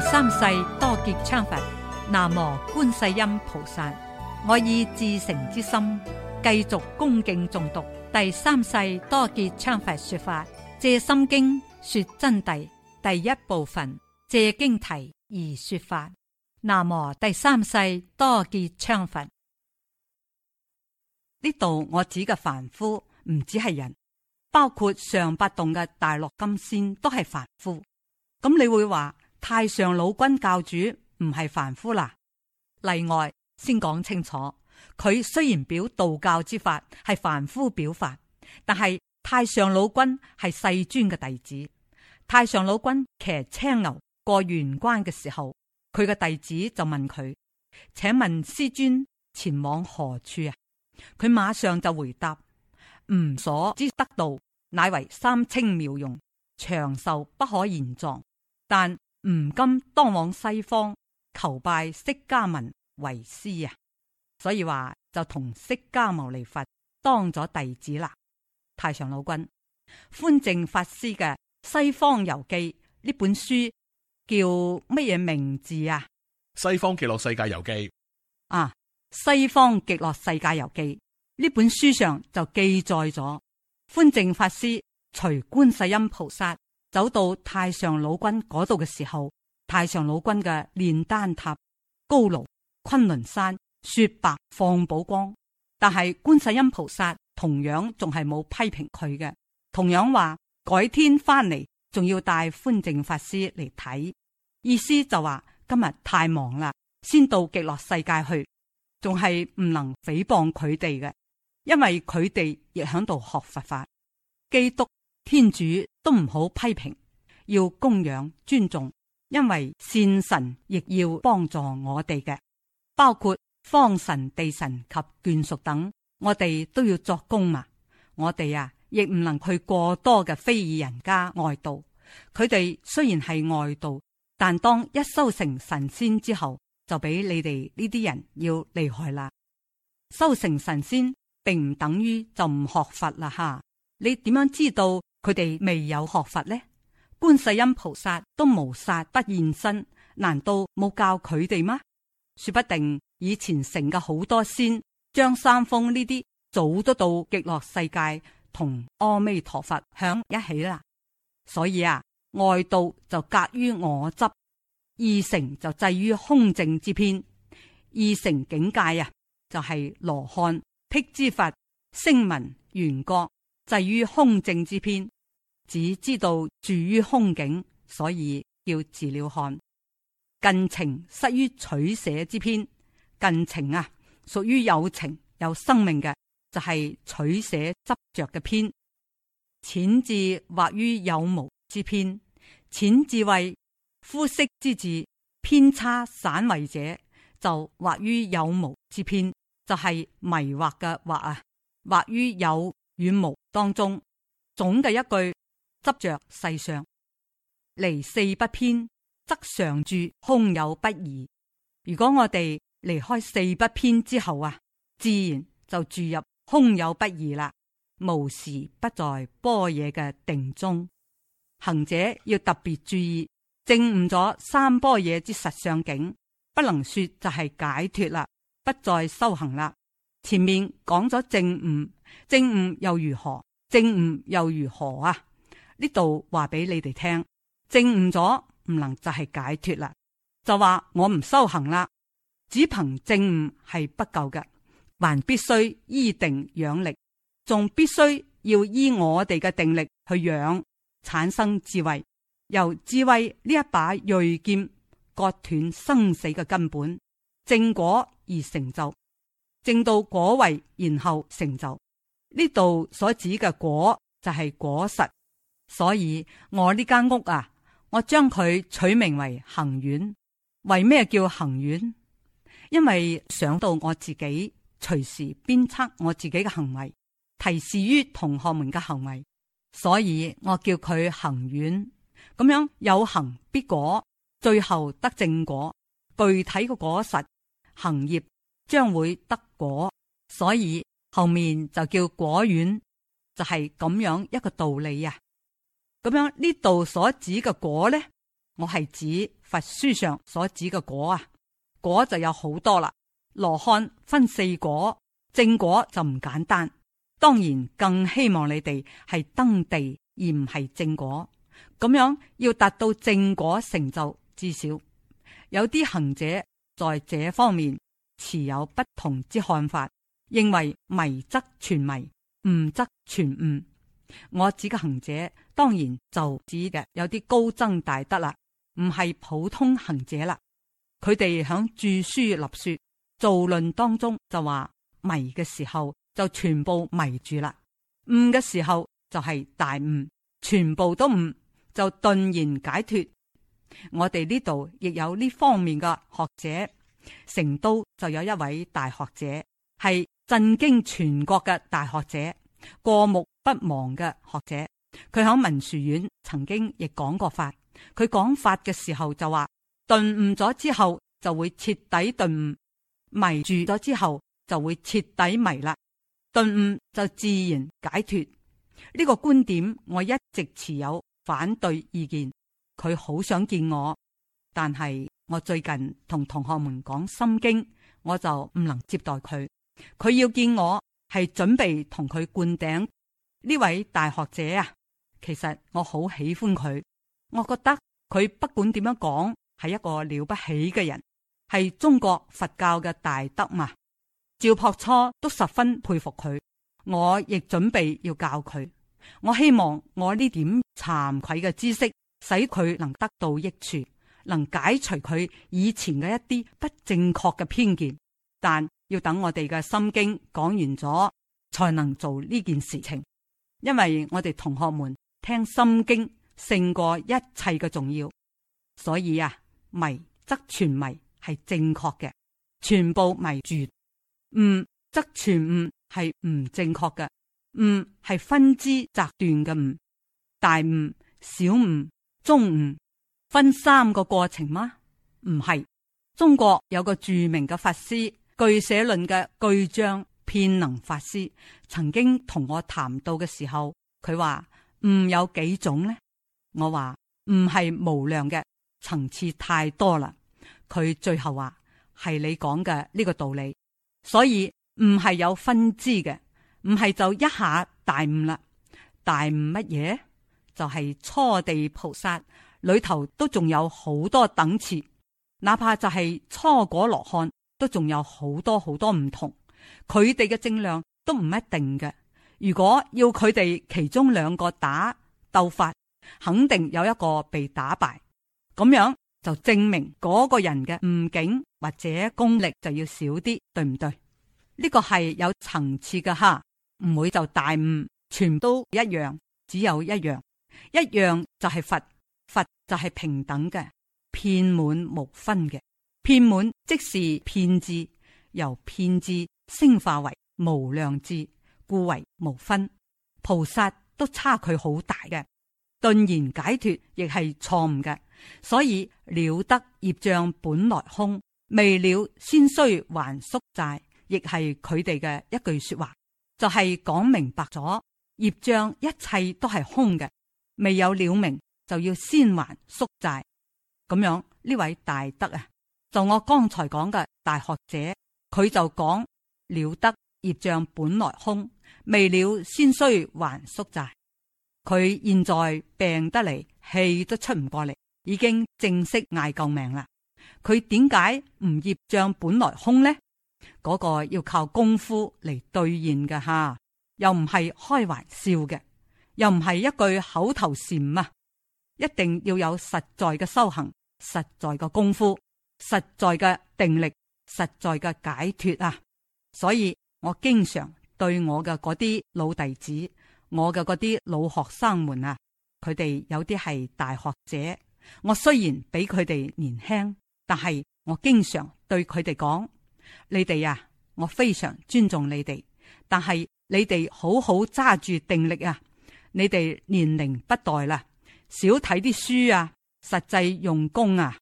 第三世多杰羌佛，南無觀世音菩薩。我以至誠之心，繼續恭敬誦讀第三世多杰羌佛說法《借心經》說真諦第一部分《借經題》而說法。南無第三世多杰羌佛。呢度我指嘅凡夫唔止係人，包括上八洞嘅大羅金仙都係凡夫。咁你會話，太上老君教主唔係凡夫啦，例外先講清楚。佢雖然表道教之法係凡夫表法，但係太上老君係世尊嘅弟子。太上老君騎青牛過玄關嘅時候，佢嘅弟子就問佢：請問師尊前往何處啊？佢馬上就回答：吾所知得道，乃為三清妙用，長壽不可言狀，但，吳金當往西方求拜釋迦文為師啊，所以話就同釋迦牟尼佛當咗弟子啦。太上老君，寬正法師嘅《西方遊記》呢本書叫乜嘢名字啊？《西方極樂世界遊記》啊，《西方極樂世界遊記》呢本書上就記載咗寬正法師隨觀世音菩薩，走到太上老君嗰度嘅時候，太上老君嘅煉丹塔、高爐、昆崙山、雪白放寶光，但係觀世音菩薩同樣仲係冇批評佢嘅，同樣話改天翻嚟仲要帶寬淨法師嚟睇，意思就話今日太忙啦，先到極樂世界去，仲係唔能誹謗佢哋嘅，因為佢哋亦響度學佛法，基督。天主都唔好批評，要供養、尊重，因為善神亦要幫助我哋嘅，包括方神、地神及眷屬等，我哋都要作供嘛。我哋啊，亦唔能去過多嘅非議人家外道，佢哋雖然係外道，但當一修成神仙之後，就比你哋呢啲人要厲害啦。修成神仙並唔等於就唔學佛啦，吓，你點樣知道？佢哋未有學佛呢？觀世音菩薩都無剎不現身，難道冇教佢哋嗎？說不定以前成嘅好多仙，張三豐呢啲早都到極樂世界同阿彌陀佛響一起啦。所以啊，外道就隔於我執，二乘就滯於空淨之偏。二乘境界啊，就係、是、羅漢辟支佛、聲聞緣覺。原國滯於空靜之篇，只知道住於空境，所以叫自了漢。近情失於取捨之篇，近情啊，屬於有情有生命嘅，就係、是、取捨執着嘅篇。淺智惑於有無之篇，淺智為膚色之字，偏差散為者就惑於有無之篇，就係、是、迷惑嘅惑啊，惑於有與無。當中總嘅一句，執着世上離四不偏，則常住空有不二。如果我哋離開四不偏之後啊，自然就住入空有不二啦，無時不在般若嘅定中。行者要特別注意，證悟咗三般若之實相境，不能說就係解脫啦，不再修行啦。前面講咗證悟，證悟又如何？正悟又如何啊？呢度話俾你哋聽，正悟咗唔能就係解脱啦，就話我唔修行啦，只憑正悟係不夠嘅，還必須依定養力，仲必須要依我哋嘅定力去養，產生智慧，由智慧呢一把銳劍割斷生死嘅根本正果而成就正道果位，然後成就。呢度所指嘅果就係果實，所以我呢間屋啊，我將佢取名為行院。為咩叫行院？因為想到我自己隨時鞭策我自己嘅行為，提示於同學們嘅行為，所以我叫佢行院。咁樣有行必果，最後得正果。具體嘅果實行業將會得果，所以。後面就叫果願，就係咁樣一個道理呀。咁樣，呢度所指嘅果呢，我係指佛書上所指嘅果啊。果就有好多啦，羅漢分四果，正果就唔簡單。當然更希望你哋係登地而唔係正果。咁樣要達到正果成就，至少有啲行者在這方面持有不同之看法。認為迷則全迷，悟則全悟。我指嘅行者，當然就指嘅有啲高僧大德啦，唔係普通行者啦。佢哋響著書立說造論當中就話，迷嘅時候就全部迷住啦，悟嘅時候就係大悟，全部都悟就頓然解脱。我哋呢度亦有呢方面嘅學者，成都就有一位大學者係。是震驚全國嘅大學者，過目不忘嘅學者，佢喺文殊院曾經亦講過法。佢講法嘅時候就話：頓悟咗之後就會徹底頓悟，迷住咗之後就會徹底迷啦。頓悟就自然解脱。呢、這個觀點我一直持有反對意見。佢好想見我，但係我最近同同學們講心經，我就唔能接待佢。佢要見我係準備同佢灌頂，呢位大學者啊！其實，我好喜歡佢，我覺得佢不管點樣講，係一個了不起嘅人，係中國佛教嘅大德嘛。趙樸初都十分佩服佢，我亦準備要教佢。我希望我呢點慚愧嘅知識，使佢能得到益處，能解除佢以前嘅一啲不正確嘅偏見，但。要等我哋嘅心經講完咗，才能做呢件事情。因為我哋同學們聽心經勝過一切嘅重要，所以啊，迷則全迷係正確嘅，全部迷住，悟，則全悟係唔正確嘅，悟係分支截斷嘅悟，大悟、小悟、中悟分三個過程嗎？唔係，中國有個著名嘅法師。巨寫論嘅巨匠，遍能法師曾經同我談到嘅時候，佢話悟有幾種呢？我話唔係無量嘅層次太多啦。佢最後話係你講嘅呢個道理，所以唔係有分支嘅，唔係就一下大悟啦。大悟乜嘢？就係、是、初地菩薩裏頭都仲有好多等次，哪怕就係初果羅漢。都仲有好多好多唔同，佢哋嘅正量都唔一定嘅。如果要佢哋其中兩個打鬥法，肯定有一個被打敗，咁樣就證明嗰個人嘅悟境或者功力就要少啲，對唔對？呢個係有層次嘅哈，唔會就大悟，全都一樣，只有一樣，一樣就係佛，佛就係平等嘅，遍滿無分嘅。遍滿即是遍智，由遍智升化為無量智，故為無分，菩薩都差距好大嘅。頓然解脫亦係錯誤嘅，所以了得業障本來空，未了先須還宿債，亦係佢哋嘅一句說話，就係、是、講明白咗業障一切都係空嘅，未有了明就要先還宿債。咁樣呢位大德啊！就我剛才講嘅大學者，佢就講，了得業障本來空，未了先須還宿債。佢現在病得嚟，氣都出唔過嚟，已經正式嗌救命啦。佢點解唔業障本來空呢？嗰個要靠功夫嚟兌現嘅，吓又唔係開玩笑嘅，又唔係一句口頭禪啊，一定要有實在嘅修行，實在嘅功夫。實在嘅定力，實在嘅解脫啊！所以我經常對我嘅嗰啲老弟子，我嘅嗰啲老學生們啊，佢哋有啲係大學者，我雖然比佢哋年輕，但係我經常對佢哋講：你哋啊，我非常尊重你哋，但係你哋好好揸住定力啊！你哋年齡不待啦，少睇啲書啊，實際用功啊！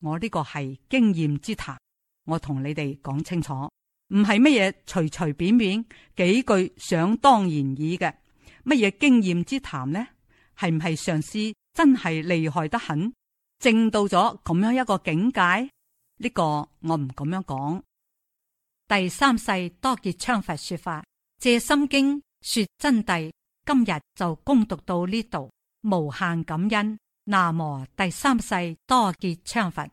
我呢個係經驗之談，我同你哋講清楚，唔係乜嘢隨隨便便幾句想當然耳嘅。乜嘢經驗之談呢？係唔係上師真係厲害得很，正到咗咁樣一個境界？呢、這個我唔咁樣講。第三世多杰羌佛說法《藉心經》說真諦，今日就恭讀到呢度，無限感恩。南無第三世多杰羌佛。